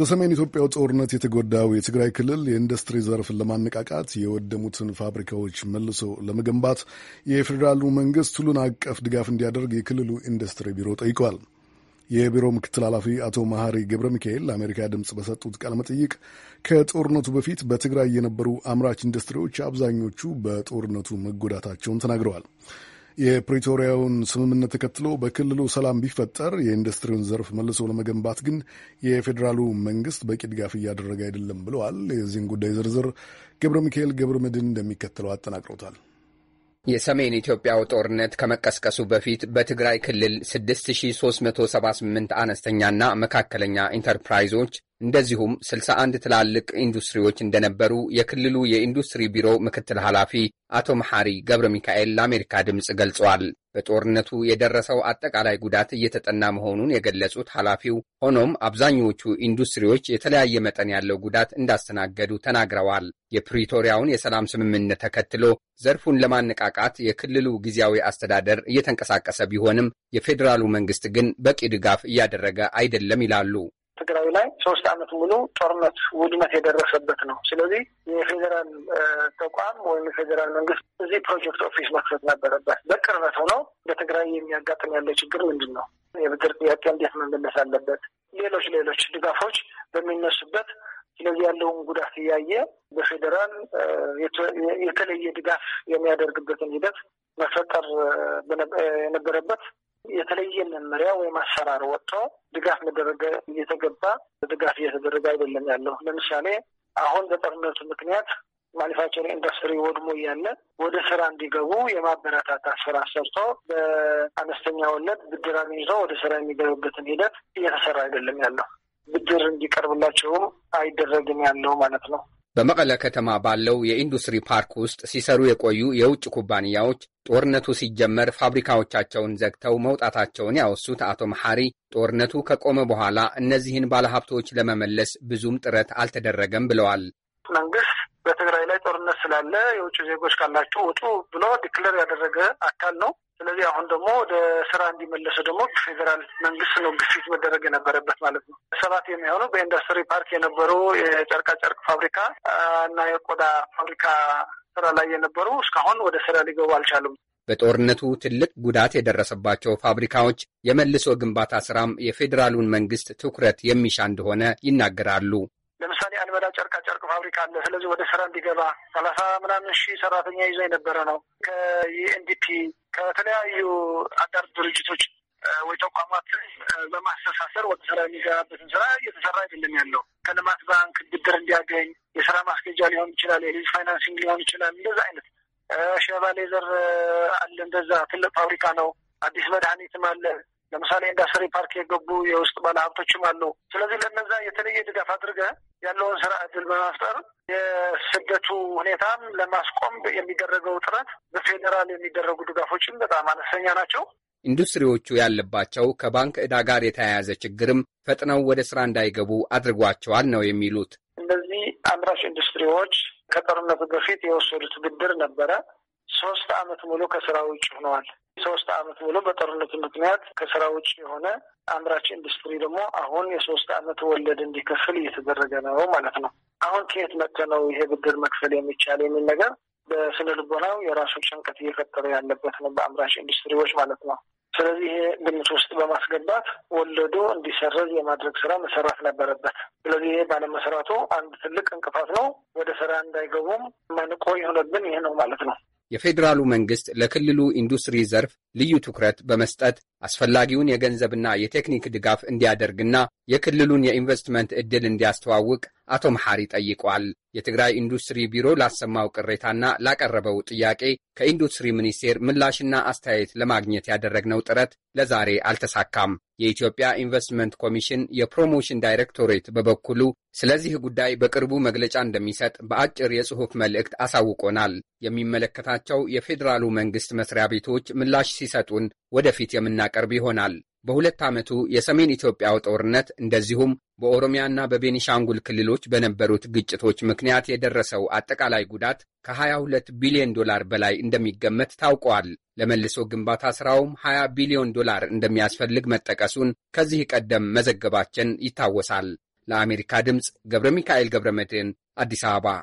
በሰሜን ኢትዮጵያው ጦርነት የተጎዳው የትግራይ ክልል የኢንዱስትሪ ዘርፍን ለማነቃቃት የወደሙትን ፋብሪካዎች መልሶ ለመገንባት የፌዴራሉ መንግስት ሁሉን አቀፍ ድጋፍ እንዲያደርግ የክልሉ ኢንዱስትሪ ቢሮ ጠይቋል። የቢሮ ምክትል ኃላፊ አቶ መሐሪ ገብረ ሚካኤል ለአሜሪካ ድምፅ በሰጡት ቃለ መጠይቅ ከጦርነቱ በፊት በትግራይ የነበሩ አምራች ኢንዱስትሪዎች አብዛኞቹ በጦርነቱ መጎዳታቸውን ተናግረዋል። የፕሪቶሪያውን ስምምነት ተከትሎ በክልሉ ሰላም ቢፈጠር የኢንዱስትሪውን ዘርፍ መልሶ ለመገንባት ግን የፌዴራሉ መንግስት በቂ ድጋፍ እያደረገ አይደለም ብለዋል። የዚህን ጉዳይ ዝርዝር ገብረ ሚካኤል ገብረ መድን እንደሚከተለው አጠናቅሮታል። የሰሜን ኢትዮጵያው ጦርነት ከመቀስቀሱ በፊት በትግራይ ክልል 6378 አነስተኛና መካከለኛ ኢንተርፕራይዞች እንደዚሁም 61 ትላልቅ ኢንዱስትሪዎች እንደነበሩ የክልሉ የኢንዱስትሪ ቢሮ ምክትል ኃላፊ አቶ መሐሪ ገብረ ሚካኤል ለአሜሪካ ድምፅ ገልጸዋል። በጦርነቱ የደረሰው አጠቃላይ ጉዳት እየተጠና መሆኑን የገለጹት ኃላፊው፣ ሆኖም አብዛኞቹ ኢንዱስትሪዎች የተለያየ መጠን ያለው ጉዳት እንዳስተናገዱ ተናግረዋል። የፕሪቶሪያውን የሰላም ስምምነት ተከትሎ ዘርፉን ለማነቃቃት የክልሉ ጊዜያዊ አስተዳደር እየተንቀሳቀሰ ቢሆንም የፌዴራሉ መንግስት ግን በቂ ድጋፍ እያደረገ አይደለም ይላሉ። ትግራይ ላይ ሶስት አመት ሙሉ ጦርነት ውድመት የደረሰበት ነው። ስለዚህ የፌዴራል ተቋም ወይም የፌዴራል መንግስት እዚህ ፕሮጀክት ኦፊስ መክፈት ነበረበት። በቅርበት ሆነው በትግራይ የሚያጋጥም ያለ ችግር ምንድን ነው፣ የብድር ጥያቄ እንዴት መመለስ አለበት፣ ሌሎች ሌሎች ድጋፎች በሚነሱበት ስለዚህ ያለውን ጉዳት እያየ በፌዴራል የተለየ ድጋፍ የሚያደርግበትን ሂደት መፈጠር የነበረበት የተለየ መመሪያ ወይም አሰራር ወጥቶ ድጋፍ መደረገ እየተገባ ድጋፍ እየተደረገ አይደለም ያለው። ለምሳሌ አሁን በጦርነቱ ምክንያት ማኒፋክቸሪንግ ኢንዱስትሪ ወድሞ እያለ ወደ ስራ እንዲገቡ የማበረታታ ስራ ሰርቶ በአነስተኛ ወለድ ብድር አግኝቶ ወደ ስራ የሚገቡበትን ሂደት እየተሰራ አይደለም ያለው። ብድር እንዲቀርብላቸውም አይደረግም ያለው ማለት ነው። በመቀለ ከተማ ባለው የኢንዱስትሪ ፓርክ ውስጥ ሲሰሩ የቆዩ የውጭ ኩባንያዎች ጦርነቱ ሲጀመር ፋብሪካዎቻቸውን ዘግተው መውጣታቸውን ያወሱት አቶ መሐሪ ጦርነቱ ከቆመ በኋላ እነዚህን ባለሀብቶች ለመመለስ ብዙም ጥረት አልተደረገም ብለዋል። መንግስት በትግራይ ላይ ጦርነት ስላለ የውጭ ዜጎች ካላቸው ውጡ ብሎ ዲክለር ያደረገ አካል ነው። ስለዚህ አሁን ደግሞ ወደ ስራ እንዲመለሱ ደግሞ ፌዴራል መንግስት ነው ግፊት መደረግ የነበረበት ማለት ነው። ሰባት የሚሆኑ በኢንዱስትሪ ፓርክ የነበሩ የጨርቃ ጨርቅ ፋብሪካ እና የቆዳ ፋብሪካ ስራ ላይ የነበሩ እስካሁን ወደ ስራ ሊገቡ አልቻሉም። በጦርነቱ ትልቅ ጉዳት የደረሰባቸው ፋብሪካዎች የመልሶ ግንባታ ስራም የፌዴራሉን መንግስት ትኩረት የሚሻ እንደሆነ ይናገራሉ። ለምሳሌ አልመዳ ጨርቃ ጨርቅ ፋብሪካ አለ። ስለዚህ ወደ ስራ እንዲገባ ሰላሳ ምናምን ሺህ ሰራተኛ ይዞ የነበረ ነው ከኢኤንዲፒ ከተለያዩ አጋር ድርጅቶች ወይ ተቋማትን በማስተሳሰር ወደ ስራ የሚገባበትን ስራ እየተሰራ አይደለም ያለው። ከልማት ባንክ ብድር እንዲያገኝ የስራ ማስኬጃ ሊሆን ይችላል፣ የሊዝ ፋይናንሲንግ ሊሆን ይችላል። እንደዛ አይነት ሸባ ሌዘር አለ፣ እንደዛ ትልቅ ፋብሪካ ነው። አዲስ መድኃኒትም አለ። ለምሳሌ ኢንዱስትሪ ፓርክ የገቡ የውስጥ ባለሀብቶችም አሉ። ስለዚህ ለነዛ የተለየ ድጋፍ አድርገ ያለውን ስራ እድል በመፍጠር የስደቱ ሁኔታን ለማስቆም የሚደረገው ጥረት በፌዴራል የሚደረጉ ድጋፎችም በጣም አነስተኛ ናቸው። ኢንዱስትሪዎቹ ያለባቸው ከባንክ ዕዳ ጋር የተያያዘ ችግርም ፈጥነው ወደ ስራ እንዳይገቡ አድርጓቸዋል ነው የሚሉት። እነዚህ አምራች ኢንዱስትሪዎች ከጦርነቱ በፊት የወሰዱት ብድር ነበረ። ሶስት አመት ሙሉ ከስራ ውጭ ሆነዋል። ሶስት አመት ሙሉ በጦርነቱ ምክንያት ከስራ ውጭ የሆነ አምራች ኢንዱስትሪ ደግሞ አሁን የሶስት አመት ወለድ እንዲከፍል እየተደረገ ነው ማለት ነው። አሁን ከየት መጥተ ነው ይሄ ብድር መክፈል የሚቻል የሚል ነገር በስነ ልቦናው የራሱ ጭንቀት እየፈጠረ ያለበት ነው በአምራች ኢንዱስትሪዎች ማለት ነው። ስለዚህ ይሄ ግምት ውስጥ በማስገባት ወለዱ እንዲሰረዝ የማድረግ ስራ መሰራት ነበረበት። ስለዚህ ይሄ ባለመሰራቱ አንድ ትልቅ እንቅፋት ነው። ወደ ስራ እንዳይገቡም ማነቆ የሆነብን ይሄ ነው ማለት ነው። የፌዴራሉ መንግስት ለክልሉ ኢንዱስትሪ ዘርፍ ልዩ ትኩረት በመስጠት አስፈላጊውን የገንዘብና የቴክኒክ ድጋፍ እንዲያደርግና የክልሉን የኢንቨስትመንት ዕድል እንዲያስተዋውቅ አቶ መሐሪ ጠይቋል። የትግራይ ኢንዱስትሪ ቢሮ ላሰማው ቅሬታና ላቀረበው ጥያቄ ከኢንዱስትሪ ሚኒስቴር ምላሽና አስተያየት ለማግኘት ያደረግነው ጥረት ለዛሬ አልተሳካም። የኢትዮጵያ ኢንቨስትመንት ኮሚሽን የፕሮሞሽን ዳይሬክቶሬት በበኩሉ ስለዚህ ጉዳይ በቅርቡ መግለጫ እንደሚሰጥ በአጭር የጽሑፍ መልእክት አሳውቆናል። የሚመለከታቸው የፌዴራሉ መንግሥት መስሪያ ቤቶች ምላሽ ሲሰጡን ወደፊት የምናቀርብ ይሆናል። በሁለት ዓመቱ የሰሜን ኢትዮጵያው ጦርነት እንደዚሁም በኦሮሚያና በቤኒሻንጉል ክልሎች በነበሩት ግጭቶች ምክንያት የደረሰው አጠቃላይ ጉዳት ከ22 ቢሊዮን ዶላር በላይ እንደሚገመት ታውቋል። ለመልሶ ግንባታ ሥራውም 20 ቢሊዮን ዶላር እንደሚያስፈልግ መጠቀሱን ከዚህ ቀደም መዘገባችን ይታወሳል። ለአሜሪካ ድምፅ ገብረ ሚካኤል ገብረ መድህን አዲስ አበባ